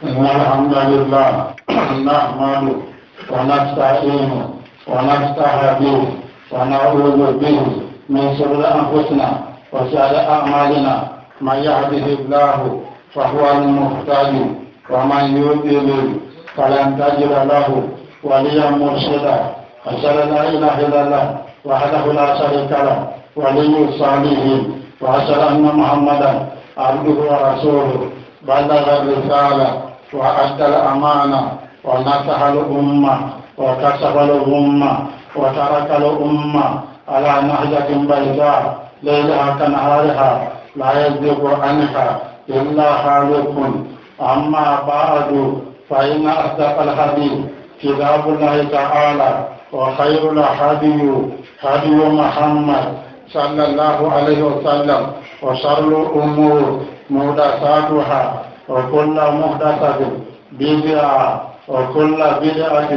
إن الحمد لله نحمده ونستعينه ونستهديه ونعوذ به من شرور أنفسنا وشر أعمالنا من يهده الله فهو المهتد ومن يضلل فلن تجد له وليا مرشدا أشهد أن لا إله إلا الله وحده لا شريك له ولي الصالحين وأشهد أن محمدا عبده ورسوله بلغ الرسالة وأدى الأمانة ونصح الأمة وكشف الأمة وترك الأمة على نهجة بيضاء ليلها كنهارها لا يزيغ عنها إلا خالق أما بعد فإن أصدق الحديث كتاب الله تعالى وخير الهدي هدي محمد صلى الله عليه وسلم وشر الأمور محدثاتها وكل محدثة بدعة وكل بدعة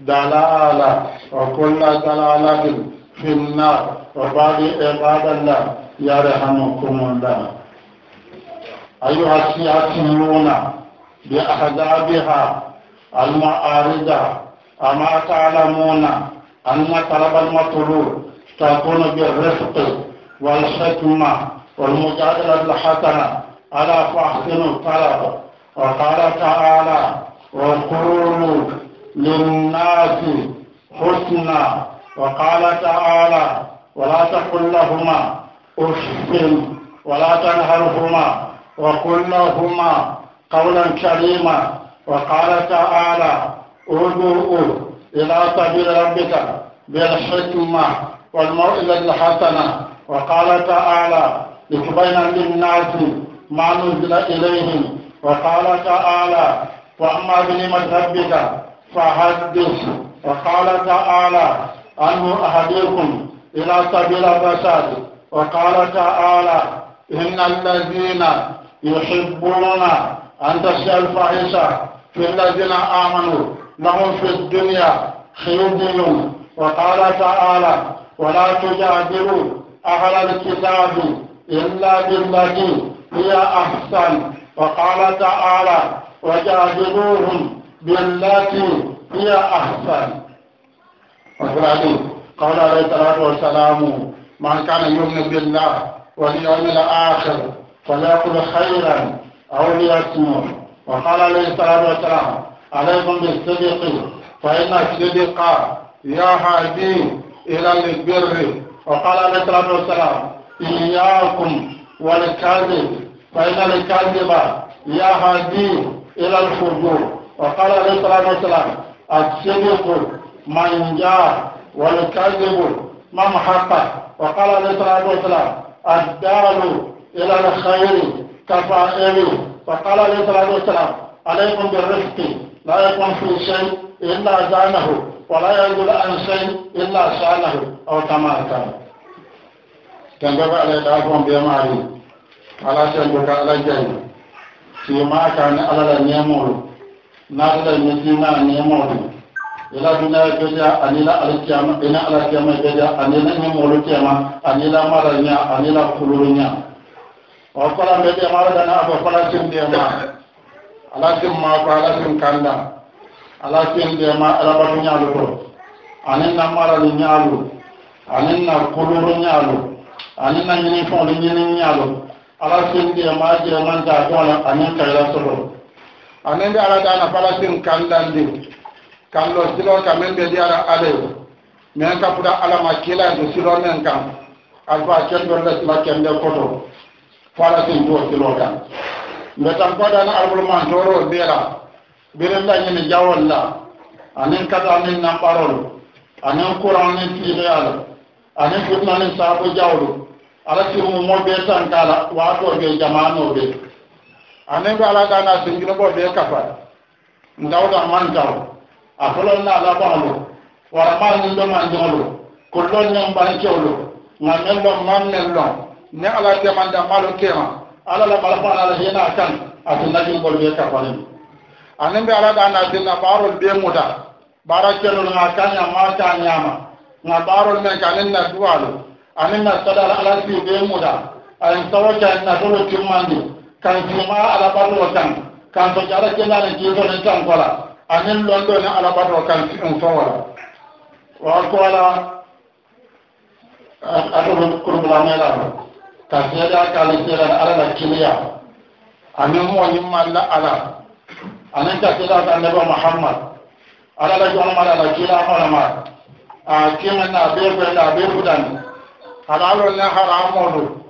دلالة وكل دلالة في النار وبعد عباد الله يرحمكم الله أيها السياسيون بأحزابها المعارضة أما تعلمون أن طلب المطلوب تكون بالرفق والحكمة والمجادلة الحسنة ألا فأحسنوا الطلب وقال تعالى وقولوا للناس حسنا وقال تعالى ولا تقل لهما أف ولا تنهرهما وقل لهما قولا كريما وقال تعالى ادعوا إلى سبيل ربك بالحكمة والموئلة الحسنة وقال تعالى لتبين للناس ما نزل إليهم وقال تعالى وأما بنعمة ربك فحدث وقال تعالى أنه أهديكم إلى سبيل الرشاد وقال تعالى إن الذين يحبون أن تشاء الفاحشة في الذين آمنوا لهم في الدنيا خزي وقال تعالى ولا تجادلوا أهل الكتاب إلا بالذي هي أحسن وقال تعالى وجادلوهم بالتي هي أحسن وفرادين قال عليه الصلاة والسلام من كان يؤمن بالله واليوم الآخر فليقل خيرا أو ليسمع وقال عليه الصلاة والسلام عليكم بالصدق فإن الصدق يهدي إلى البر وقال عليه الصلاة والسلام إياكم والكاذب فإن الكاذب يهدي إلى الفجور وقال عليه الصلاة والسلام الصدق من جاء والكذب من حق وقال عليه الصلاة والسلام الدال إلى الخير كفائل وقال عليه الصلاة والسلام عليكم بالرفق لا يكون في شيء إلا زانه ولا يزول عن شيء إلا شانه أو كما قال tangaba ala da afon be mari ala tambo ka ala jani ti ma ka ala la nemo na da ni ti na nemo ila duna gaja anila alkiyama ina alkiyama gaja anila nemo lo kiyama anila maranya anila kulurunya o fala be de mara da na ba fala tin de ma ala tin ma ko ala tin kanda ala tin de ma ala ba nyaalo ko anin na mara ni nyaalo anin na kuluru nyaalo ani na ɲini fɛnw ɲini ɲalo ala sen diya ma jira man ta dɔn la ani kayira sɔrɔ ani bɛ ala dana fala sen kan dande kan lɔ silɔ ka min bɛ di ala ale mɛ ka fura ala ma kila do silɔ min kan alfa kɛn dɔ la sila kɛn bɛ kɔtɔ fɔ ala sen t'o silɔ kan mɛ tan kɔ dana alboloma tɔɔrɔ bɛɛ la bere la ɲini jawol la ani kata ani nambarol ani kuran ani tigiya la ani fitina ani saabo jawolo ala sirumu ɓe tankala watoɓe jamanoɓe anen ɓe ala gana senginoɓo ɓe kafa gawɗa mantaw a folonna ala bahlo wara manin ɗo manjolo kollon ñon ɓankewlo gamen ɗon mannen ɗon ne ala demanda malo tema ala la malafana ala hena kan ata najingol ɓe kafanin anen ɓe ala gana sinna ɓarol ɓe muta ɓara kelol ga kaña ma ta ñama ga ɓarol men kanen na duwalo anin na sada ala ala si be muda an sawo ta na toro tumandi kan tuma ala barro tan kan to jara ke na ki to nan tan kola anin londo na ala barro kan ti on fawala wa kola ato kurbula mela ka se da ka le se da ala la kiliya anin mo ni malla ala anin ta se da annabi muhammad ala la jona mala la kila mala ma a kiman na be be na be budani halalo ne haramolu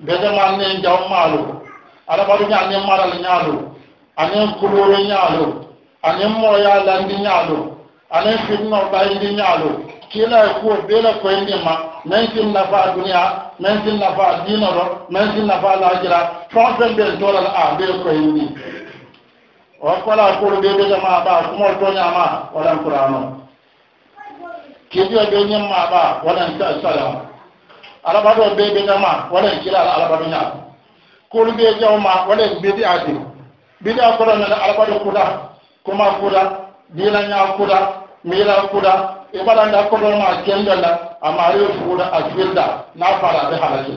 bede man ne jawmalu ala baru nya ne maral nyalu ane kuloro nyalu ane moya landi nyalu ane fitno bayndi nyalu kila ko bela ko indi ma men sin nafa duniya men sin nafa dinoro men sin nafa lajira fonfen be dolal a be ko indi o kola kolo be be ma ba kuma to nyama wala qur'ano kibiya be nyama ba wala ta salam alabaɗo be ɓetama waɗen kila alabaɗo ñaama kolu ɓe jawma waɗen bidi a dim bidi a koɗo nana alabaɗo kuɗa kuma kuɗa dinaña kuɗa miila kuɗa e waɗanda koɗoma kendolla amma rew fuuɗa a firda na fara ɓe halake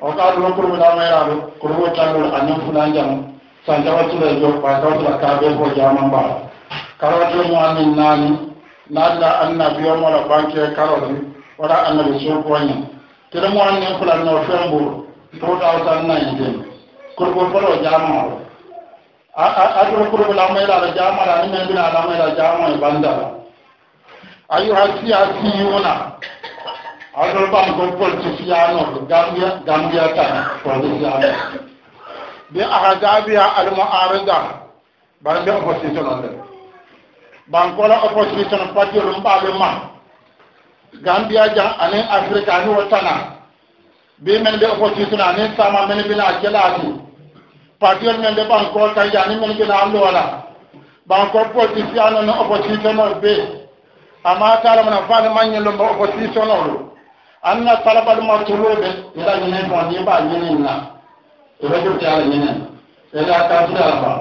o ka ɗuma kurɓuɗamayraɗo kurɓo tanɗol anen funa jamu santawatule jo fa tawtula kaɓe ko jaman mbaɗa karotomo amin naani naatna annabiyomola banque karoli waɗa annabi sokoña tere mo anne fula no fembo to da ta na yin kurbo bolo jama a a a kurbo la mai la jama la ni men la mai la jama banda ayu hasi hasi yuna ayo ba ko ko ti fiano gambia gambia ta ko ni jama bi ahadabiya al mu'arida ban da opposition ban ko la opposition party rumba be ma gambia jan anin afirka ani watana bi men be opposition anin sama men bina kelatu partiyon men be banko ta yani men bina amlo wala banko politician no opposition on be amma tala mana fani manye lo opposition on anna talabal matulube ila nyine ko ni ba nyine na ebe ko ta nyine ila ka ta ba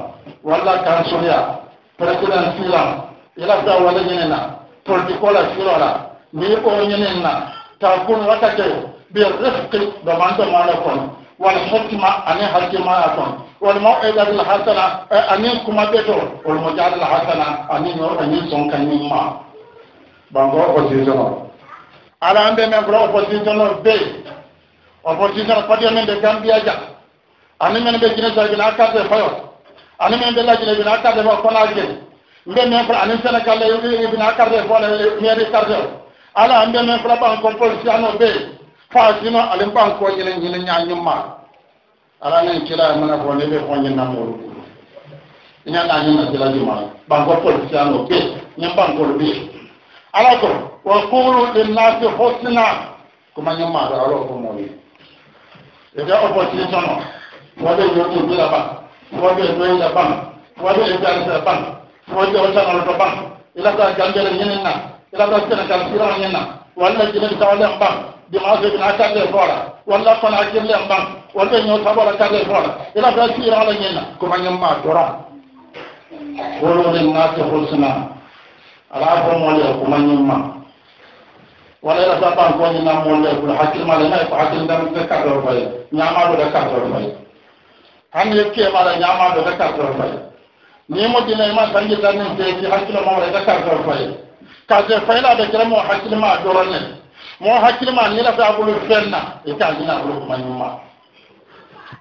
wala kan soya president sila ila ta wala nyine na politikola sila ni ɓoñinin na takun wata kewo bi rifqi domante mala kon wal hikma ani hakima a kon wal mawidati l hasana ani kuma ɓeto wal mojadi l hasana ani ño ani sonkanin ma banko opposition o ala an ɓe men fota opposition o be opposition patio men ɓe gambia dia ani men ɓe guine sargina carte fayot ani men ɓe lajine bina carte fa kona guel mbe men fota ani sénégal ibina carte fo mairie ala an bɛ mɛn fula b'an kɔ polisi an n'o bɛ yen f'a sinɔ ale b'an kɔ ɲinɛ ɲinɛ ɲa ɲɛ ma ala ni kira ye mana fɔ ne bɛ fɔ ɲinɛ na mɔri n y'a n'a ɲinɛ kira di ma b'an kɔ polisi an n'o bɛ yen ɲɛ b'an kɔ bɛ yen ala ko wa kuru de n'a se fo sinna kuma ɲɛ ma ala y'o fɔ mɔri ye ɛdɛ o fɔ sinɛ sɔnɔ wa bɛ yɔ tun bila ban wa bɛ yɔ yɛrɛ ban wa bɛ yɔ yɛrɛ ban wa bɛ yɔ yɛrɛ ban i la ka gan bɛrɛ ɲinɛ na. ila da kira kala sira nyana walla jina ta wala ba di ma be na ta de fora walla kon a jina ba walla nyo ta wala ta de fora ila da sira ala nyana ko ma nyam ma dora wolo ne ma ta husna ala ko mo le ko ma nyam ma wala ila ta ban ko ni na mo le ko hakil ma le na ko hakil da ka ka do fay nyama do da ka do fay an yekke ma la nyama do da ka do fay ni mo dina ma sangi tan ne ke hakil ma wala da ka do fay kaje fayla da kira mo hakilma doron ne mo hakilma ni la fa bulu fenna e ka ni na bulu manuma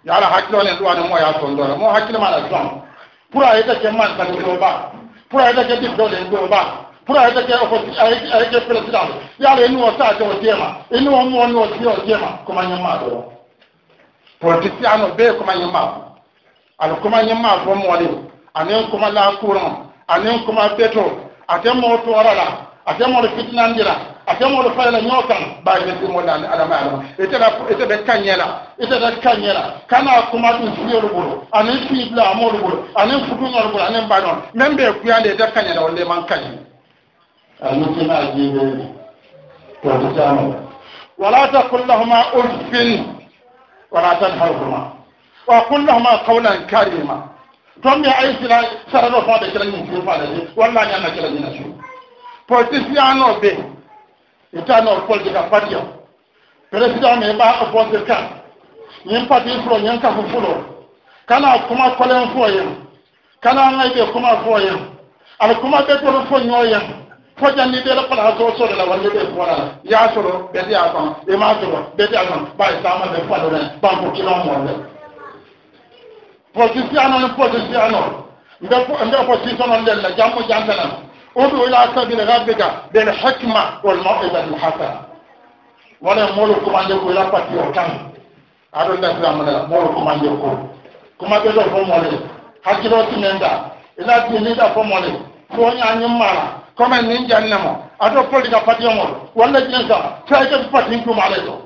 ya la hakilo ne duwa ne mo ya son dora mo hakilma la son pura ita ke man ka do ba pura ita ke di do ne do ba pura ita ke ofo ai ke president ya le ni o sa ke o tema ni o mo no ti o tema ko manuma do politiciano be ko manuma al ko manuma ko mo le anen ko atemmo to warala atemoɗo fitnandira atemoɗo fayla ñoo kan mbawi adama adama eteta eteɓe kañela eteta kañela kana kuma ɗum fiyolu ɓuro anen fiibla amoɗo ɓuro anen futuñol ɓuro anen mbawi noon ɓe kuyande ete kañela wonde man kañi a yettima a wala takul lahuma ulfin wala tanharhuma wa qul lahuma qawlan karima tombe ay sila sarano faade kila ñum fuu faade ni walla ñanna kila ñina suu politicien o ɓe itano politique a patio président mi ɓa opposé kan ñin parti fulo ñin kafu fulo kana kuma kolen fo yen kana ngay ɓe kuma fo yen ala kuma ɓe toro fo ñoo yen fo janni ɓeɗa kola ha so soɗola walla ɓe foolala ya soro ɓeti a kan ima soro ɓeti a kan ɓa samade falore banko kilo molle posisiyano ni posisiyano mbe mbe posisiono lella jammo jambenan udu ila sabili rabbika bil hikma wal mau'izati al hasana wala molu kumande ko ila pati o a tan aɗo ndasiramana molu kumande ko kuma ɓe ɗo fo mole hakkilo tinenda ila tiniɗa fo mole toñañimmala comme nin jannemo aɗo poliga patiyomol walla jinsa taykati patin kumale ɗo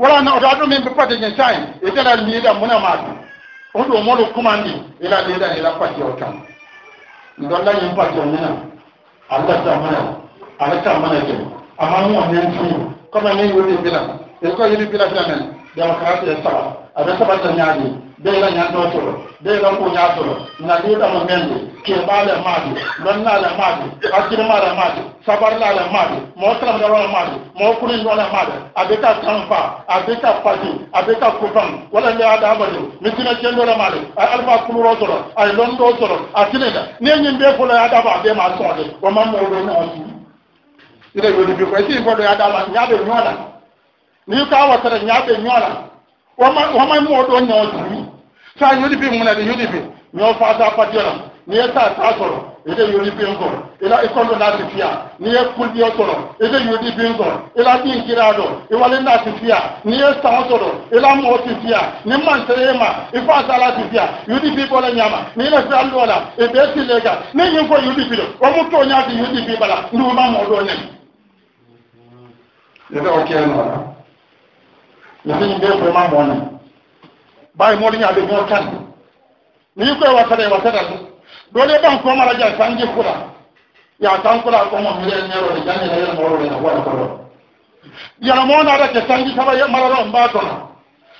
wala na oto aɗo min ɓe pate ñe tayi itela liida munama ɗum on ɗo moɗo kumandi ila liida ila pati o tan ndolla ñin pati o mina allah tammana ala tammana jem amma mu o nen tiñu comme min wuli bila e ko yili bila bila men démocratie e sabata A aɓe saɓata ñaadi deyla ñanno toro deyla kuña toro naɗiɗamo mendu keɓale maade lonnale maade accirmale maade sabarlale maade mo tramdawole maade mo kurinɗole a aɓe ka kanfa aɓe ka fati aɓe ka kufan wala le adamadi misina kendole maade a alfa kuluro toro ay londo toro a tinida ne ñin ɓe folo adama aɓe ma soode o mammoɗo noon ire yoni bi a esi foɗo adama ñaaɓe ñoola ni ka wasata ñaaɓe ñoola wọ́n máa mú ọdún ọ̀nà ọ̀sùn yìí tí a UDP mú náà ní UDP ní ọ fàáza pàdé ọ̀nà ní ẹ tá àtà sọ̀rọ̀ èdè UDP ń sọ̀rọ̀ ìlà ìkọlù náà ti fìyà ní ẹ kúlbí ọ sọ̀rọ̀ èdè UDP ń sọ̀rọ̀ ìlà bí nkiri àdọ̀ ìwálé náà ti fìyà ní ẹ sàn sọ̀rọ̀ ìlà mọ̀ ti fìyà ní mọ̀nsẹ̀rẹ̀ mà ìfọ̀ àtàlà ti fìyà UDP bọ́lẹ̀ nyàmà ní ilẹ̀ fi àlù ọ̀la ìbẹ́ ti lẹ̀ gà ní yín fọ UDP lọ wọ́n mú tó nyà di UDP bala ní wọ́n má mọ̀ ọ̀dọ́ yɛsɛ nyimbe ɛfɛ ma mɔɔ ne bayi mɔɔ de nyɛ abɛ nyɔɔ kan ni yi kɔɛ wasɛdɛ wasɛdɛ so dɔɔde ban kɔn mara jɛ san ji kura yaa san kura kɔn ma mire de jan yɛrɛ yɛrɛ mɔɔ de na wari kɔrɔ na dɛ kɛ san ji saba yɛ mara dɔ n b'a tɔnɔ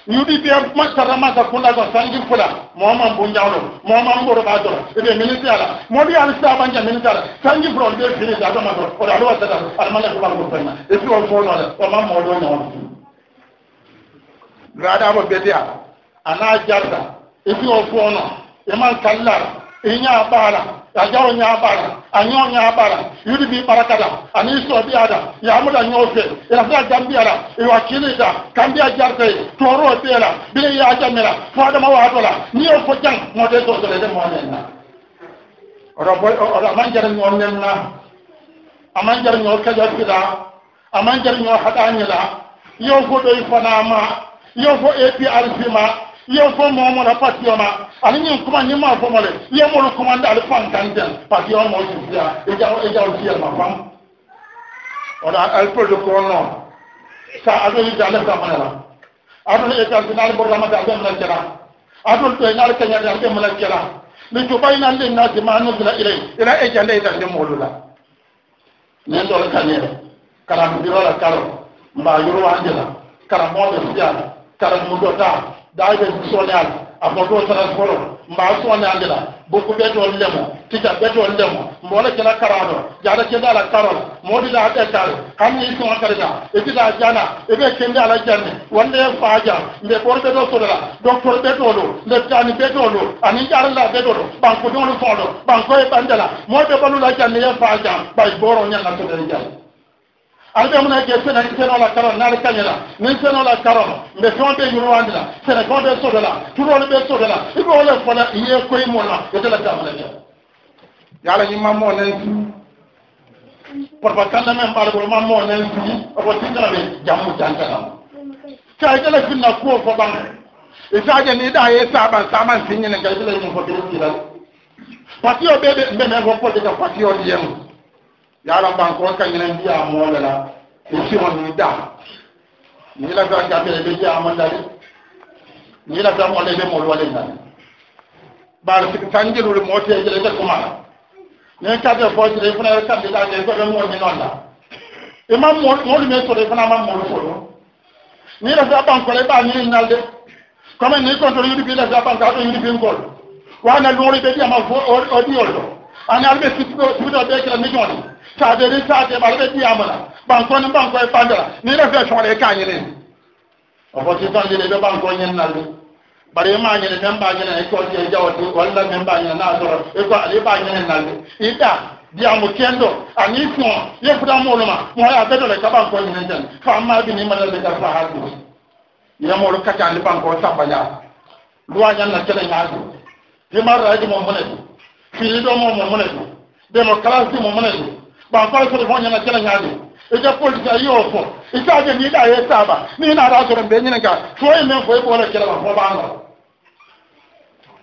udp masara masa kunda ko sanji fula moma bunjawlo moma mboro ba dora ebe ministre ala modi ala sa banja ministre ala sanji fula be fini da do ma do o da do sa da ala mala ko ba ko e fi o fo o ma mo do no gaadama beteya ana jarda iti o foono iman kallar i ñaa ɓaala a jaro ñaa ɓaala a yudi bi ɓarakata ani soobi ada yamuda ñoo fe irafata dambiyala i wakkilita kambiya jartay tooro beela bine yaajamela fo adama la, ni o fo jang moote sosolede moonenna oto boy oto aman jara ñoo nenna aman jara ñoo kaja fila aman jara ñoo haɗañila yo foɗoy fanama yen fo aprc ma yen fo momo na parti ma ani nyin kuma nyin ma fo mo le yen mo kuma nda le fan kan den parti o mo si ya e ja e ja o si ya ma fam ona alpo do ko no sa ado ni jale ka manala ado ni eta final bo rama da na kera ado to na le kenya da ke mala kera ni to bayna le na ti ma no bila ile ila e jale da de mo lula ne do ka ne kala mi do la karo mba yoro wa jela kala mo do jala karan mu dota daaje soñal amma do tara golo mba soñal dira boku be do lemo tija be do lemo mbola kala karado la ke dala karol modi da hada kar kan ni to karda e bi da jana e la ke dala janne wanda ya faja mbe por be do sodala doctor be do do le tani be do do ani jarla be do do banko do do fodo banko e bandala mo be balu la janne ya faja bay boro nyanga to dere janne albe muna je sena ni sena la karon na ka nyala ni sena la karon mbe fon be yuru wandila sena kon be sodala turo be sodala ibo wala fala iye koy mola yete la ta mala yala ni mammo ne porba kala men bal bol mammo ne ko tingala be jamu jankala ka jala finna ko ko ban isaje ni da ye saban saman sinni ne ka jala ni ko be kila pati o be be me ko ko de ka pati o yaran ban ko kan ngene biya mo la la e si on ni da ni la ga ka be be ya mo la ni la ga mo le be mo wala na bar ti tanjiru le mo te je le ko ma ne ka be fo ti le funa ka be da ne ko mo ni non la e ma mo mo le to le funa ma mo ko ni la ga ban ko le ba ni na le comme ni ko to yidi bi la ga ban ka to yidi bi ko wa na lo re be ya ma fo o di o ani albe sitto sitto be kala million sa de ri sa de albe ti amala ban ko ni ban ko e pandala ni re fe shon le ka yele o ko ti tan yele be ban ko nyen na lu bari ma nyele men ba nyele e ko ti jawti walla men ba nyele na doro e ko ali ba nyele na lu ida diyamu kendo ani fún ye fura mọlu ma mọ ya bẹ dọlẹ kaba nkọ ɲinɛ jẹn faama bi ni mana bẹ ka fa ha fini ɗo mo momone ɗum ɓeno classe ɗi momone ɗum ɓan fa sore fo ñana kela ñaadi ija politique ayi o fo isaje niɗa ye saba ni naɗa soro mbe ñine ka foye men foye ɓoole kelama fo ɓano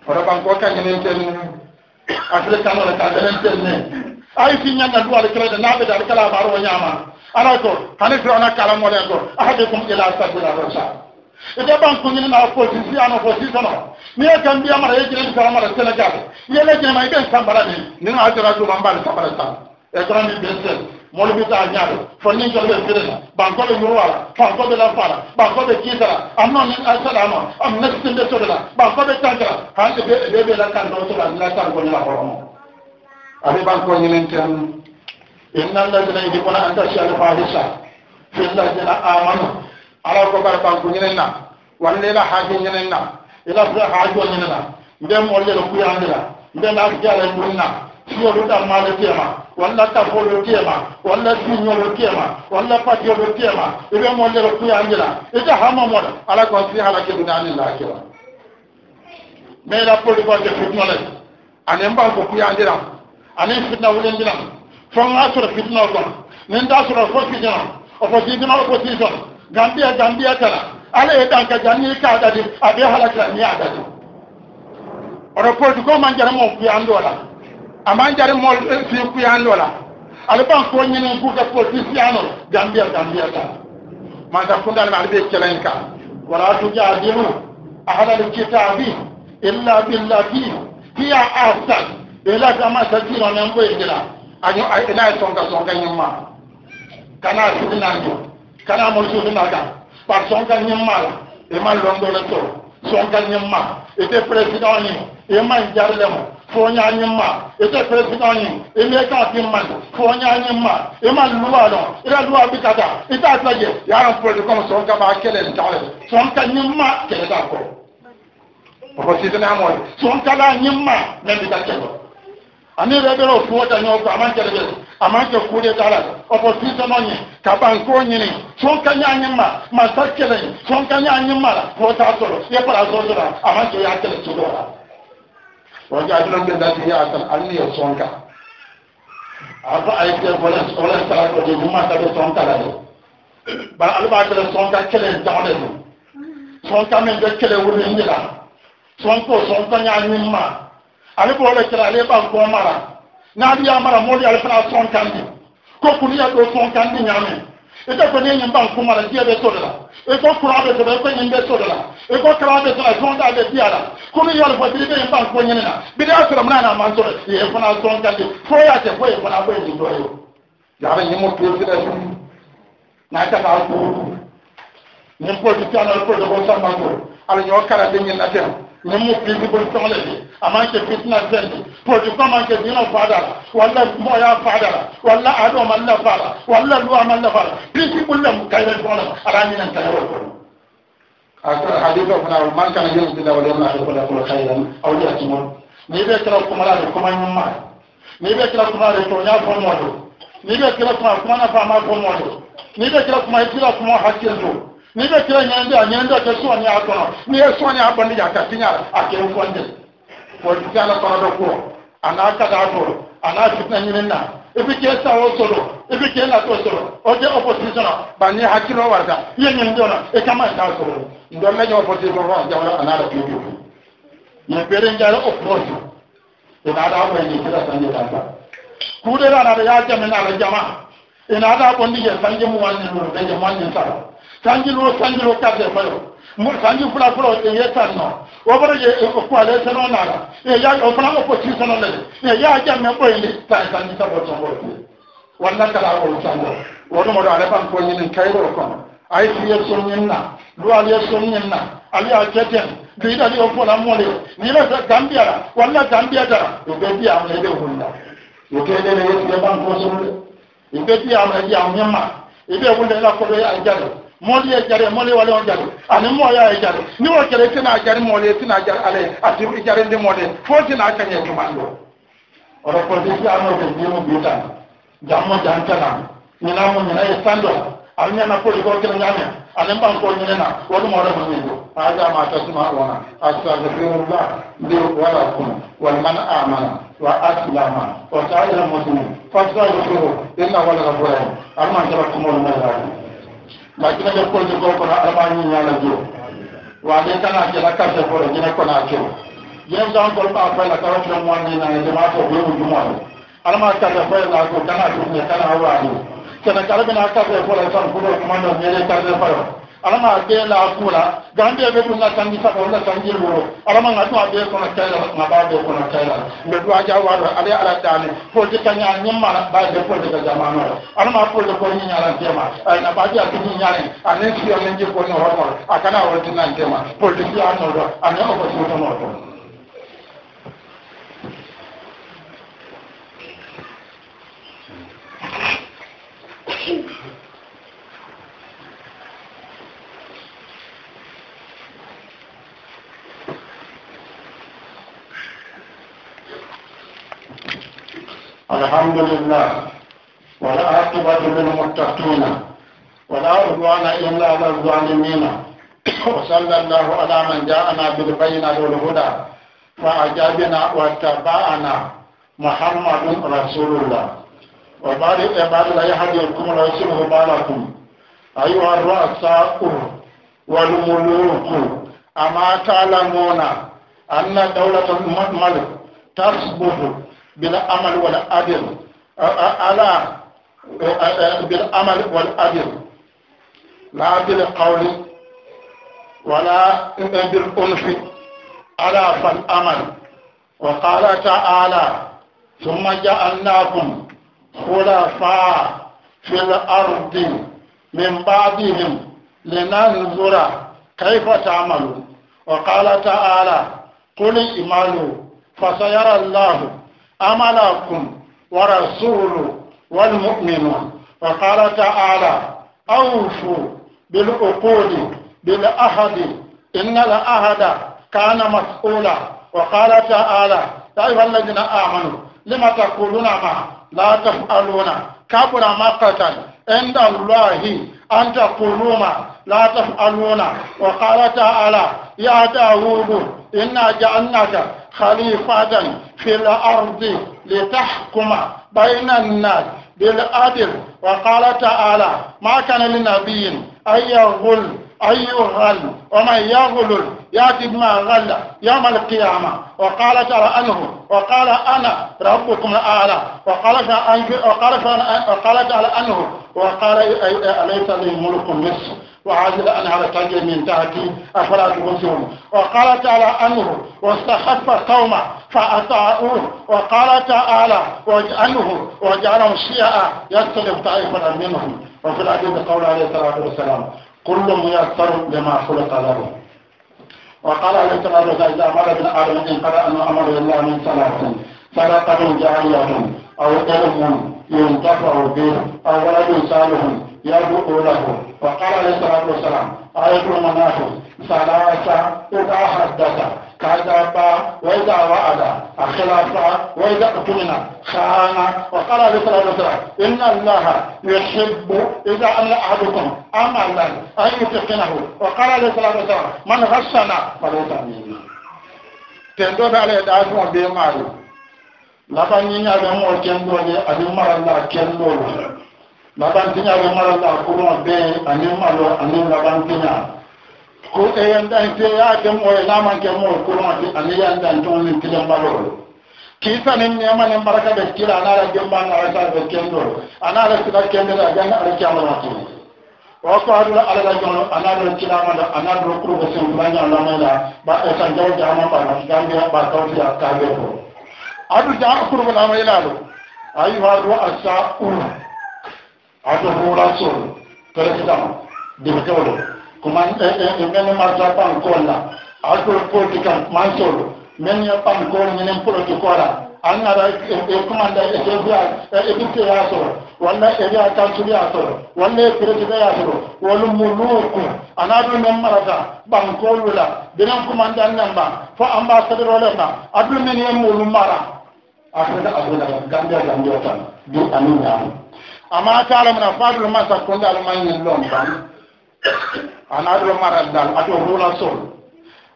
oɗo ɓan ko kañenen ten africanole ka ɗenen ten ne ayi fi ñanga du ala kelade naɓede ala kala baro o ñama ala ko hani fi ona kalamoɗen ko ahadikum ila sabila rosa ite ban ko ñini na opposition ana opposition no mi e kan biya mara e jere sara mara sele gabe ye le jema ibe sambara ni ni na ajara du ban bal sambara ta e jara ni be sel mol bi ta nyaare fo ni ko be fere na ban ko be yurwala ban ko be la fara ban ko be kitara amma ni assalamu am nasin be sodala ban ko be tangara han be be be la kan do to la la tan ko ni la horomo abi ban ko ñini tan innal ladina yudikuna anta shal fahisha fil ladina amanu ala ko bara ban ko ñeneen na walla ila haajo ñeneen na ila sa haajo ñeneen na nden molle ɗo kuyande la nden la jala e ɓurna siyoɗo ɗammaɗo tema walla tafoɗo tema walla siñoɗo tema walla patiyoɗo tema eɓe molle ɗo kuyande la ita hama moɗa ala kon si halake dunani lakira mais la poli bonde fitnole anen mbaw ko kuyandiram anen fitna wulendiram fon a soro fitnol kon nin da soro fo fitnol opposition opposition gambiya gambiya tara ala ye dan ka janni ka dadi abe halaka ni adadi oro podi ko man jara mo fi andola aman jara mo fi fi andola ala ban ko nyen ko ga ko fi siano gambiya gambiya tara man ta ko dal ma be kelen ka wala tu jadilu ahla alkitabi illa billati hiya ahsan ila e kama sakira nan boy e dira anyo ina songa songa nyuma kana sidina nyo kana mo su na ga par son ka nyam mal e ma londo na to son ka nyam ma e te president ni e ma njar le mo fo nya nyam ma e te president ni e me ka ti ma fo nya nyam ma e ma luwa no e da luwa bi kata e ta ta je ya ran pro ko son ka ba kele ta le son ka nyam ma kele ta ko ko si na mo son ka la nyam ma na bi ta kele ani rebero tuwata ñogo amanke rebero amanke kuuɗe tala opportunitemo ñi ka ɓanko ñini sonka ñañimma ma sakkelen sonka ñañimmala wota solo ye para sosora amanke ya kele sudora woke adinon ɓe dati yatan anniye sonka afa ayte olen sala kode jumantaɓe sonkala de bara alɓa kele sonka kelen jawle ɗum sonka min ɓe kele wurinjila sonko sonka ñañimma ale b'o le kɛra ale b'a gɔ mara n'ale y'a mara mɔli ale fana sɔn kandi ko kunu y'a to sɔn kandi ɲaamɛ i tɛ ko ne ye nin kun mara diɲɛ bɛ so de la i e ko kuran bɛ sɛbɛn i ko nin bɛ so de la i e ko kala bɛ sɛbɛn jɔn ta bɛ di a la kunu y'a fɔ biri bɛ nin ban ko ɲini na biri y'a sɔrɔ mina n'a ma sɔrɔ ye fana sɔn kandi fo y'a kɛ fo ye fana fo ye nin dɔ ye yaara ɲi mo kiri sira su n'a ka k'a kuru nin politiki an na ko de ko sanba ko ala ɲɔ kala den ɲinina tɛ nin mu fili bol sogle ni a man ke fitna sendi produit ko man ke dina fadala walla moya fadala walla ado man la fala walla luwa man la fala principle lem kayre fona ala minan tanawol kono أكثر حديث أبنا ما كان يوم بالله واليوم الآخر ولا يقول خيرا أو يأتمون نيبي كلا كما لا كما يوم نيبي كلا كما لا يتونيا كما نيبي كلا كما كما نفع ما كما نيبي كلا كما يتلا كما حكيل ni ɓe kira ñande a ñande ake soña kono ni e soña bonde ya ka tiñara a ke fonde wotti ala kono ɗo kuo ana kada toro ana fitna ñinin na ibi ke sawo soro ibi ke lato soro o je opposition ba ni hakkilo warta ye ñin ɗona e kama ta soro ndon meje opposition o jawla ana ɗa pipi ye ɓere jare opposi ina ɗa ɓoyni kira sanje tanta kuɗera naɗa ya jamin ala jama ina ɗa ɓondi je sanje mu wanni ɗum ɓe je moñin sara sanjiro oh, sanjiro oh, kabe fayo mo sanji fula fula e eh, ye tan no o bara ye ko ale sano na la e ya o fana ko ci sano le e ya ja me ko ile ta sanji ta ko ko walla kala ko sango o no mo da ban ko ni kai ro ko eh, ay ci ye so nyen na do ale so nyen na ali a jeten do ida di o fo la mo le ni la gambia la walla gambia da o be bi am le de hunna o ke de le ye ban ko so le ibe bi am le ya moolu ye jare moolu ye waleŋo jare aniŋ mooyaa ye jare niŋ wo kele i tinaa e jari moolu ye i tinaa jari ala ye ati i e jarindi moolu ye fo tinaa kañe tumando oto politiki anoo ke diimu biitan jammo jantana ñinamu ñina ye sando ali ñana politiko kene ñaame aniŋ bankoo ñinena wolu moo lemu ñiŋ هذا ما تسمعون أستغفر الله لي ولكم ولمن آمن وأسلم وسائر المسلمين فاستغفروه إنه هو الغفور الرحيم أما أنتم تقولون la kila je ko ko ko ala ba ni nyala jo wa de kana je la ka je ko ni ko na jo yen don ko pa pa la ka ro mo ni na de ma ko be mu mo ala ma ka je ko la ko kana ko ni kana wa ni kana kala na ka je ko la ko ko ma no ni ka je ko alama be la kula gambe be bunga tangi sa ko la tangi woro alama a abe ko na kayla na ba be ko na kayla a do aja wa ale ala dane ko de tanya nyimma ba be ko de jamano alama ko de ko ni nyara tema ay na ba a ko ni nyara ane si ane je ko no hono akana wo tinan tema ko de ya no do ane o ko to no الحمد لله ولا عقبة للمتقين ولا عدوان إلا على الظالمين وصلى الله على من جاءنا بالبينة والهدى فأجابنا واتبعنا محمد رسول الله وبارك عباد الله يهديكم ويسره بالكم أيها الرؤساء والملوك أما تعلمون أن دولة الملك تصبح بلا عمل ولا عدل على بالعمل والعدل لا بالقول ولا بالأنف على فالعمل وقال تعالى ثم جعلناكم خلفاء في الأرض من بعدهم لننظر كيف تعملون وقال تعالى قل اعملوا فسيرى الله عملكم ورسول والمؤمنون فقال تعالى أوفوا بالعقود بالعهد إن العهد كان مسؤولا وقال تعالى يا أيها الذين آمنوا لما تقولون ما لا تفعلون كبر مقتا عند الله أن تقولوا ما لا تفعلون وقال تعالى يا داوود إنا جعلناك خليفة في الأرض لتحكم بين الناس بالعدل وقال تعالى ما كان لنبي أن يغل أيها الغل ومن يغلل يأتي بما غل يوم القيامة وقال ترى أنه وقال أنا ربكم الأعلى وقال وقال ترى أنه وقال أليس لي ملك مصر وهذه الأنهار تجري من تحتي أفلا تبصرون وقال تعالى أنه واستخف قوما فأطاعوه وقال تعالى وجعله وجعلهم شيعا يستلف طائفة منهم وفي الحديث قول عليه الصلاة والسلام كل ميسر لما خلق له وقال عليه الصلاة والسلام إذا أمر ابن آدم إن قرأ ما أمر الله من صلاة صدقة جارية أو علم ينتفع به أو ولد صالح يدعو له وقال عليه الصلاة والسلام أيكون مناكم ثلاثة إذا حدث كذب وإذا وعد خلف وإذا اؤتمن خان وقال بصلاة بصلاة إن الله يحب إذا امن أحدكم أملا أن يتقنه وقال بصلاة بصلاة من غشنا فليس منا كندو عليه دعوة بمعلوم لبني نعلم وكندو أبي مرة كندو labantinya be marata kuno be anin malo anin labantinya ko e yanda ke ya ke mo na man ke mo kuno ti anin yanda to ni tilan malo ki sanin ne man en baraka be kila na ra jomba na ra be kendo ana ra sira kendo da ganga ara ke amara to o ko adu ala la jono ana ra kila ma da ana ra kuro be sun banya la ma da ba e san jaw jama ba na gambia ba ka ti ka be ko adu jama kuro na ma ila do ayu hadu asa uh ato hura so president dibitolo kuma eh, eh, eh, mene marta pan kola ato politika mansolo mene pan kola mene protocol an nara kumanda ebite ya sɔrɔ walla ebi akansuli ya sɔrɔ walla e peresida ya sɔrɔ wolu muluku ana dun bɛ marata bankolu la bina kumanda namba fo an b'a sɛbɛrɛ le ma a dun min ye mulu mara a sɛbɛ a bɛ la ganja ganja ta bi ani ɲaamu amma talamuna fadul ma sakkunde almañin lon ban anaɗo maral dal aɗo hula sol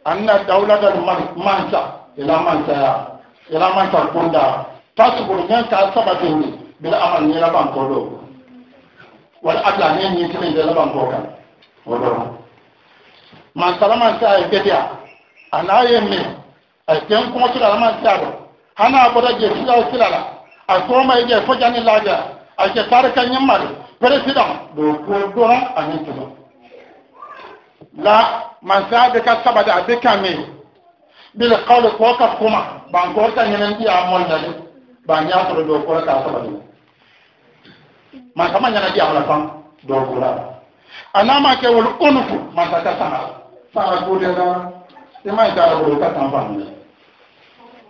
anna dawlatal mansa ila mansaya ila mansa kunda tasbur ñen ka sabatini bila amal ni labanko ɗo wala atla ne ñitilinde labanko kan oɗo mansala mansaya e ɓetiya anaye min ay ken kosila la mansaya ɗo hana bota je sila silala a somaye je fojani laajara ake sarka nyimmari president do kurdura anin tuno la man sabe ka sabada abe kame bil qawl ko ka kuma ban gorta nyenen ti amol na ba nya to do ko ka sabada man kama a di amla fam do kura anama ke wol unfu man ta sana sana ko de na e mai da ro ka tan fam ne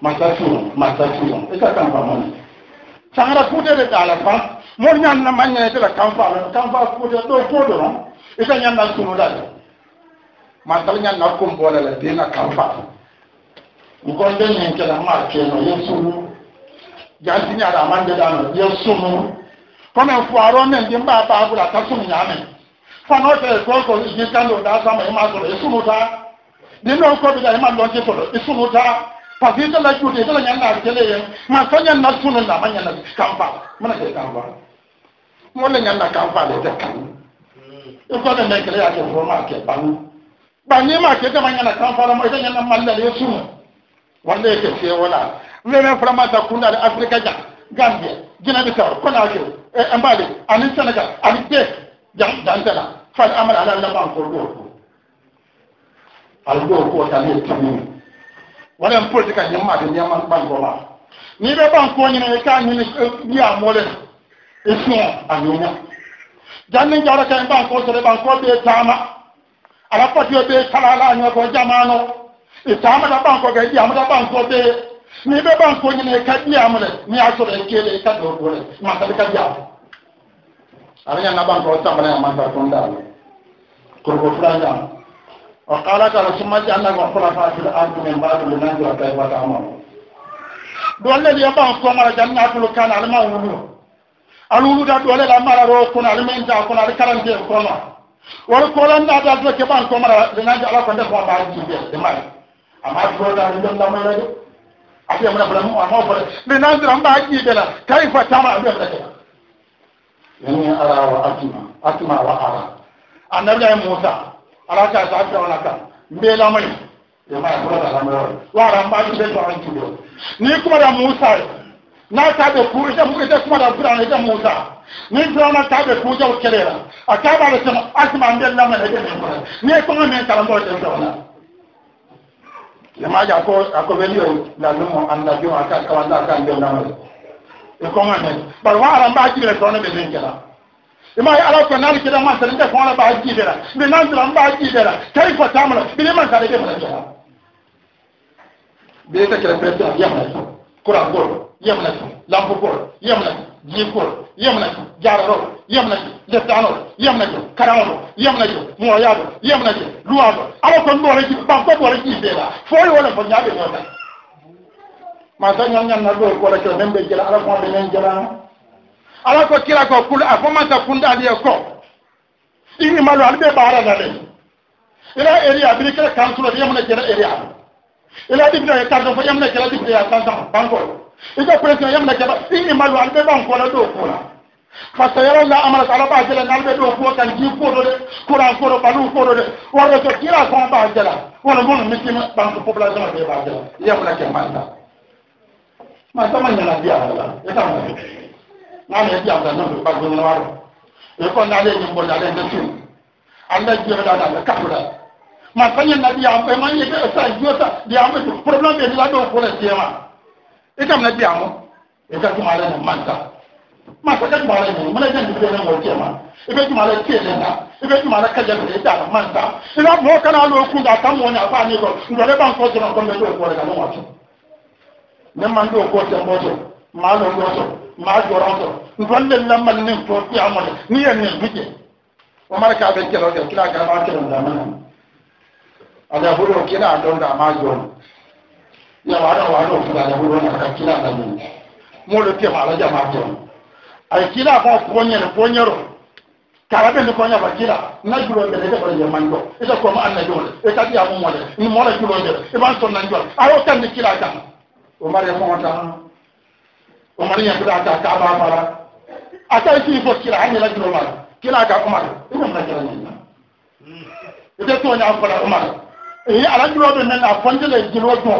man ta su man ta sahara kuutede ka ala fa moolu ñanna maññanetela kanfa ala kanfa kuutede ɗo fo doron ita ñannal sunudade ma tala ñanna kumboole la dina kanfa ngonde ñen kela ma keno ye sunu jantiñaɗa amandeɗano ye sunu kono foiro men ɗin mba babula ta sunu ñamen fanote koko ñikkando ɗa sama ima soɗo e sunuta ɗin ɗon koɓiɗa iman ɗon kittoɗo e sunuta fafi tala jude tala nyanda akele ye ma so nyanda tunu na ma nyanda kampa mana ke kampa mo le nyanda kampa le te kan e ko ne mekele ya ke forma ke banu bani ma ke ma nyanda kampa la mo te nyanda malla le sunu wanda ke se wala le me forma ta kunda de afrika ja gambia jina bi taw ko na ke e mbali ani senegal ani de jam dantana fal amara ala la ban ko do al do ko ta waɗan politika ñimmade ñaman ɓangola ni ɓe ɓan koñina e ka ñini wiya molen e suo a ñuña janni jara kaen ɓan ko sore ɓan ko ɓe tama ala patio ɓe kalalaño ko jamano e tamata ɓanko ke ƴiyamata ɓanko ɓe ni ɓe ɓan koñina e ka ƴiyamole ni a sore keele e ka ɗowɗole e e e makaɓe ka ƴiyamo aɗa ñanna ɓanko tambanayamanta ton dal korko furañama وقال تعالى ثم جعلنا خلفاء في الارض من بعد لناس وكيف تعملون دو الذي يبقى الصمر جنات كان على ما ولو الولو دا دولة لما رو كنا لما انت كنا لكرم جي كنا ورقولا نا دا دولة كبان الصمر لناس على كنا كنا بعد جي دمائي أما تقول دا رجل لما يلجو أبي أمنا بلا مو أما بلا لناس لما جي بلا كيف تعمل أبي أمنا كنا يعني أرى وأسمع أسمع وأرى النبي موسى ala ta ta ta wala ta mbe la mai ya ma ko ta la mai wa ran ba ni be to an tudo ni kuma da Musa na ta da ku da mu da kuma da Qur'an da Musa ni dona ta da ku da kelera aka ba da sama asma mbe la mai da ni ko me ta la mai da wala ya ma ja ko ko be yo la no mo an da jo aka ka wala ka mbe la mai ko ngane ima ala ko nani kida ma tan da ko ba ji dera bi nan tan ba ji dera kai fa tamala bi man ta ke fa bi ta kira presi ya ma kura gol ya ma lampu gol ya ma ji gol ya ma jara ro ya ma leftano ya ma karamo ya ma mo ya do ya ma luado ala ko no re ji ba ko re ji dera fo yo wala ko nyaabe mo ta ma ta nyanya na do ko re ko nembe jela ala ko be nyen jela ala ko kira ko kul a fomanta kunda aliye ko ini malu albe baara nale ila area bi kira kansulo yamna kira area ila dibna ka do fo yamna kira dibna ya kansa banko iko president yamna kira ini malu albe banko la do ko la fasayara la amara sala ba jela nal be do ko kan ji ko do de kuran ko do balu ko do de wala to kira ko ba jela wala mon mitima banko population be ba jela yamna kira manta manta man na biya Allah ya tamma nane jabda noon ɓe bagge noaro e ko naale min bolle ala nde tim allah joɗaɗa ɓe kafuɗa ma kañenna ɗiyam ɓe ma yete sa jota ɗiyam ɓe probléme ɓe ɗila ɗo kola tema e kam na ɗiyamo e ka jumalene manta ma ko ɗen mbaala men mona jandi ɓeɗengo tema eɓe jumala teɗena eɓe jumala kajabde dara manta ina mo kana lo kunda tam woni a fani ko ndole ɓan ko jonon komɓe ɗo kolega non wattu min man ɗo goten mboto ma lon goto ma joronto golle lammal nin to ti amale ni en nin bije o mara ka be kelo ke kila ka ma kelo da man ada buru kila don da ma jon ya wada wada ko da buru na ka kila da mun mo lo ke mala jama jon ay kila ko konyere konyero karabe ni konya ba kila na julo de de ko jama ndo ita ko ma anna jole e ka biya mo mole ni mole julo de e ban ton nan jole ayo tan ni kila kan o mara mo ta ومن يبدا a مرا اتاي في فكر عن رجل عمر كلا كعمر ابن رجل الله ite to nya fara umar eh ala julo do nan afon de julo to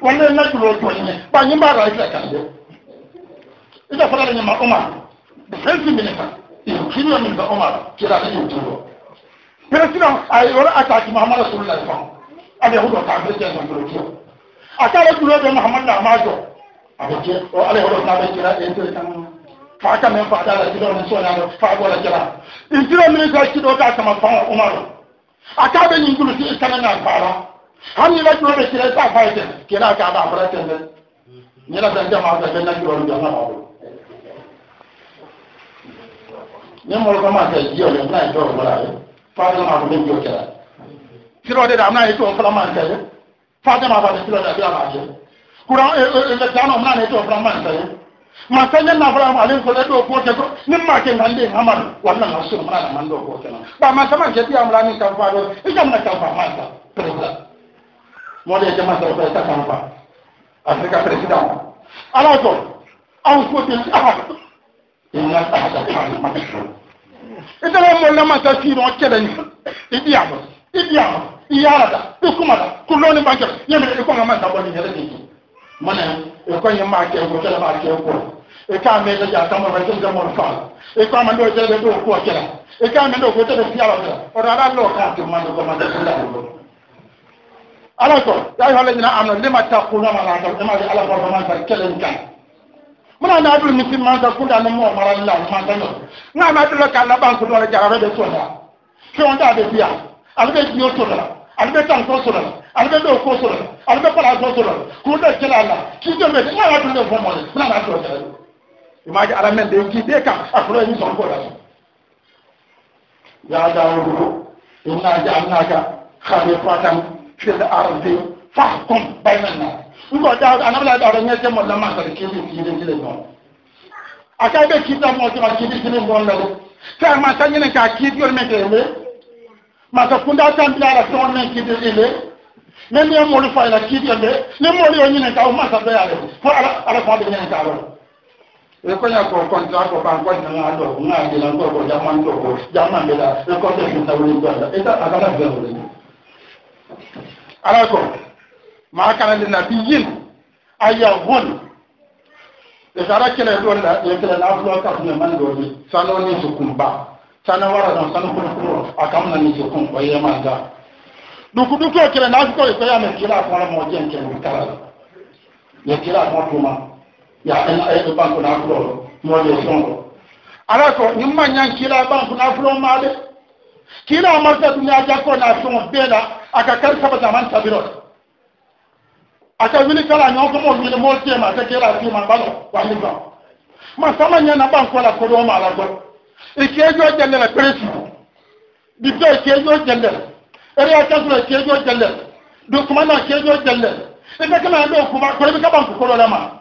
wala na julo to ni ba ni ba ra ita kan de ita fara ni ma umar sai fi min ta kilo min ba umar kira ta yi julo president ay wala ataki muhammad rasulullah sallallahu alaihi wasallam abe hudo ta be ta julo to akara julo do muhammad na ma jo abeje o ala yɔrɔ n'a bɛ jira e to yen fa ka mɛn fa da la jira ni sɔnya la fa bɔ la jira i jira min ka ci dɔ k'a sama fan o ma dɔn a k'a bɛ nin kulu si kana n'a fa la hali n'i ka jɔ bɛ kira i t'a fa ye dɛ kira k'a b'a fara tɛmɛ n yɛrɛ bɛ n jama fɛ bɛ na jɔ ni jɔn na ma bolo ni mɔlɔkɔ ma kɛ jiyɔ ye n'a ye jɔ o o fana kuran lano e, e, e, mna ne to brahman da yo ma sanya na fara ma alin ko da do ko ko nim ma ke ngande hamal wannan na sun mna man do ko kenan ba ma sama ke ti amla ni kan fa do idan na kan fa ma ta program mo de jama ta ko ta kan fa afrika president ala to aw ko tin ahad inna ahad kana makshur idan mo la ma ta ti ro kelen idi amo idi amo iyara da ikuma da kuloni banke mana e ko nyamma ke ko tala ba ke ko e ka me da ja tamo ba tuma mo fa e ko ma do tele do ko kela e ka me do ko tele fiya ba o ra ra lo ka to ma do ko ma da ko ala ko ya yi halin na amna lima ta kuna ma na ta ma da ala ko ma ba kelen kan muna na dul misin ma da kunda na mo mara la ma da no na ma dul ka na ban ko do ja ra de ale bɛ bɛ o ko sɔrɔ ale bɛ kɔlɔn a tɔ sɔrɔ k'o da cɛla a la k'i jɔ mɛ kuma y'a tun bɛ fɔ mɔ dɛ n'a n'a tɔ sɔrɔ i m'a kɛ ala mɛ den k'i den kan a fɔlɔ y'i sɔn k'o la sɔn y'a da o bolo i n'a ja n'a ka xaabi fatan fili arabe fa kɔn bayi na n kɔ da a n'a bɛ da a ɲɛ cɛ mɔ lamɔ a ka k'i bɛ k'i den kelen ɲɔgɔn a ka bɛ k'i ta mɔ jɔn k'i bɛ kelen ɲɔgɔn la dɛ k'a ma ta ɲini k'a k'i jɔ mɛ kɛ masa kunda tan bila a la sɔgɔn mɛ k'i bɛ kelen ne mi mori fa ila ki ta de ne mori o nyine ta o ma sa be ya fo ala ala fa de nyine ta lo e ko ya ko kontra ko ban ko na do na de na ko ko jaman do ko jaman de la e ko te ta wuri do la e ta ala be wuri ala ko ma kana lin nabiyyin ayyahun e sara kele do la e kele la flo ka ne man do ni sano ni sukumba sana wara na sano ko ko akamna ni sukumba ye manga dukuduku ekele na akụkọ ikpe ya mekere akwara m ọjọọ nke mụtara mekere ma ya bankụ na afrọ ma ọ dị sọrọ alakọ ni mmanya nkira bankụ na afrọ ma dị kira amarta dunia ajakọ na afrọ bee na akakari saba zaman sabirọ akawili kala nyɔnkɔ mɔ wili mɔ tiɛ ma a tɛ kɛra a ti ma balɔ wa ni ban ma sama ɲɛna ban kɔ la kodɔn ma la dɔn ìkéjɔ jɛlɛ la péré si bi bɛɛ ìkéjɔ ere tasuna kejo jalle do kuma na kejo jalle ita kana do kuma ko bi kaban ko do ma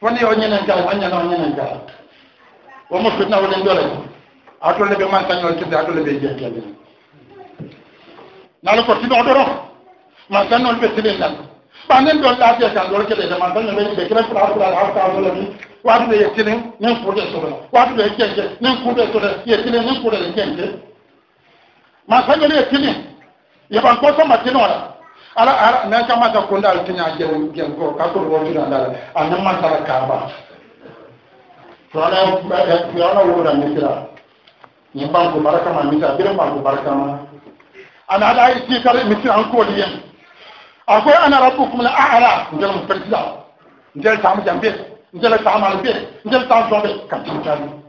foni o nyene ngal anya na nyene ngal o mo fitna wolen dole atole be man tanyo tibbe atole be jekkele nalo ko tibe odoro man tanno be tibe nan banen do la te kan do kele de man tanno be be kele fura fura ha ta do lebi wadu be yetine nen fure so wadu be kenke nen fure so de yetine nen fure de kenke masanya ne tini ya ban ko sama tini wala ala ala na kama ta kunda al tinya je je ko ka ko wo tira dala anan man sala ka ba to ala to ala wo da ni tira ni ban ko baraka ma mi ta bi ban ko baraka ma ana ala ai ti kare mi tira an ko liyan akwai ana rabbukum la a'la ndal mutarida ndal tamu jambe ndal tamal be ndal tamu be ka tin tan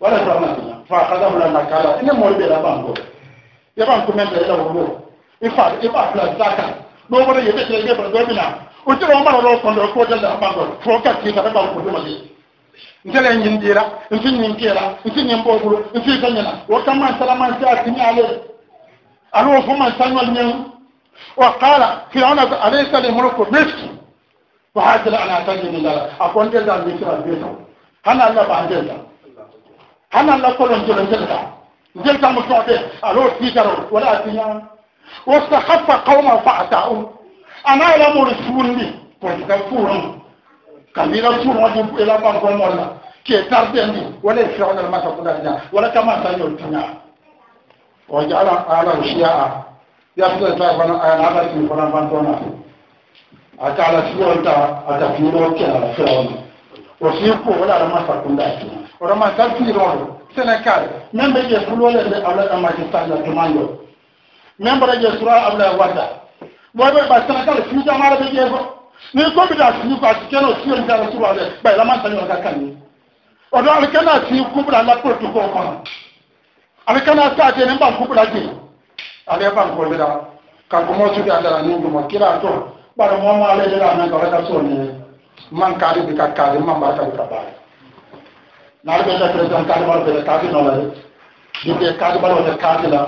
wala ta ma fa kaza bula na kala ina mo be la bango ya ban ko men be la wo ifa ifa la zaka no mo ye be be be be na o ti ro ma ro ko ndo ko da bango fo ka ti ta ba ko do ma ni ntele nyindira nti nyinkira nti nyimbogulu nti kanyana wakama salama nti atini ale alo fuma sanywa nyen wa qala fir'auna alaysa li mulku misr wa hadala ana tajidin dala akon de da misra beto hana Allah ba hadala hana la kolon jolo jelta jelta mo sote alo tijaro wala tinya wastahaffa qauma fa'ta'u ana ila mo rasulni ko ka furu kamila furu wadi ila ba ko mo la ke tarde ndi wala fi'al ma ta kula nya wala kama ta yo tinya wa ja'ala ala shi'a ya ta ta bana ayana ba ti fara ban tona ata ala suwanta ata fi'al ke ala fi'al wasiqu wala ma ta kula nya orama dartiroɗo sénégal même ɓe ƴe fulole ɓe awlaɗa magistalla dumanɗo même mbaɗa ƴe sura awla wadda ɓoɓe ɓa sénégal fiijamara ɓe ƴeego ni koɓita sii ko asi keno siyontara surade ɓay lama sañorka kanni oɗo ala a sii kuɓɗa lapportu ko kono ala kana satene ɓan kuɓɗa je ala ɓan kolleɗa kanko mo suude andara ni ɗuma kira to ɓaɗa momo ala yeɗa men ka wata sone man kaali ɓe ka kaali man mbarkaɓe ka baali naare ɓe dakre tan kaade mbaɗo ɓene kaake noolaye jogi e kaade mbaɗo wode kaakila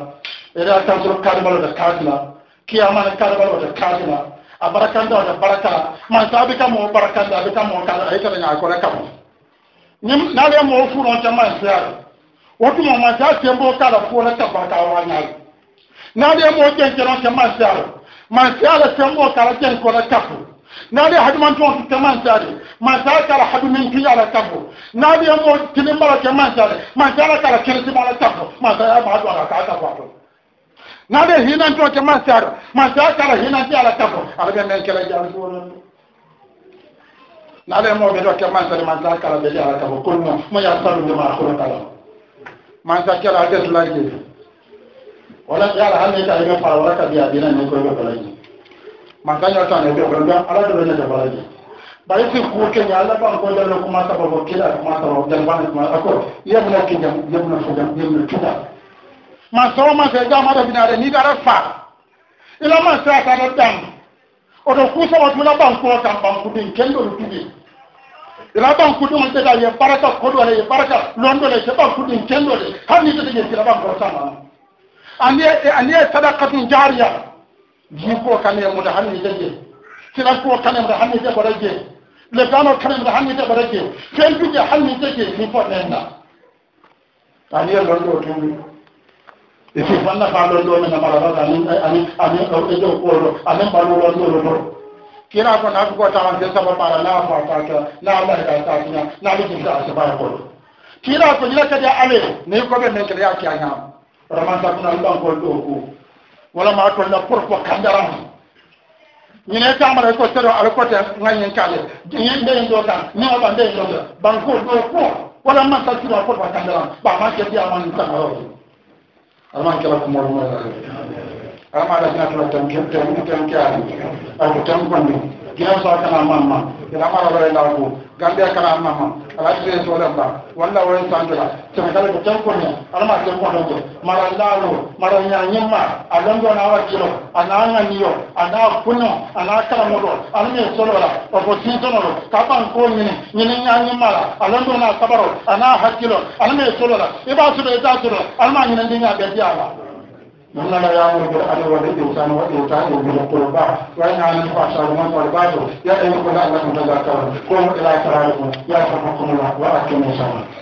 ere a tan soro kaade mbaɗo wode kaakila kiyamane kaade mbaɗo wode kaakila a barakanda wode baraka man so abi kam o barakanda abi kam o kaala ayi tata ñaa kore kam ñim naale mo fuuron jamma en seyaade wotumo ma sa tembo kaala fuure kabba ka wa ñaade naale mo ƴen jenon jamma en seyaade man seyaade tembo kaala ƴen kore kapu naali haduman tun su kaman sare man ta kala hadumin tun yara tabo naali yan mo tilin bara kaman sare man ta kala kirsi bara tabo man ta ba hadu ala ka ta ba to naali hinan tun kaman sare man ta kala hinan tun yara tabo ala ben men kala jaru wonon naali yan mo be do kaman sare man ta kala be yara tabo kunna mo ya salu ma ko ta la man ta kala des la ke wala yara halle ta ga fara wala ka biya dinan ko ko la ni makanya ta ne be gonda ala do ne jabara ji bari fi ku ke nya ala ban ko da kuma ta babo kila kuma ta babo dan ban kuma ako ya mun ke jam ya mun so jam ya mun kila ma so ma se ja ma da binare ni da rafa ila ma sa ta da dan o do ku so wa tula ban ko ta ban ku din ken do tu bi ila ban ku dun te da ye baraka ko do ye baraka londo le se ban ku din ken do le har ni te ye kila ban ko ta ma ani ani jiko kane muta hanni jeje siratko kane muta hanni je bara je lebano kane muta hanni je bara je fentu je hanni jeje ni ko nenna tani lo do tumi isi fanna ka lo do na mara ba ani ani ani o ejo ko lo ani ba lo lo lo lo kira ko na ko ta an sa ba para na fa ta ta na la ta ta na na li ta sa ba ko kira ko ni la ka ja ale ne ko be men kira ya ki anya ramanta na ndan ko do ko walama tolla pour ko kandaram ñine tamara ko tero ala kote ngayen kale ñen de ndo tan ni o bande ndo banko do ko wala man ta tiro pour ko kandaram ba ma ke biya man ta ro alman kala ko mo mo alama da na tan tan tan tan tan tan tan giyasa kana mamma ila mara bare la ko gambia kana mamma ala tire so da ba walla wala sanjala tan kala ko tan kono ala ma tan kono ko mara lalo mara nya nyimma adan do na wakilo ana nya niyo ana kuno ana kala modo ala me solo la o ko tin tono lo ka ban ko ni ni nya nyimma la do na sabaro ana hakilo ala me solo la e ba su be ta solo ala ma ni ndi be ti ala mana da ya murgu da arewa da ke wuta na wata wuta da wuta da kuma ba ya yi nanin kuma a shaguman kuma ba ya ɗaya kuma da alaƙa da zakarar ko mutu ya da kuma kuma kuma a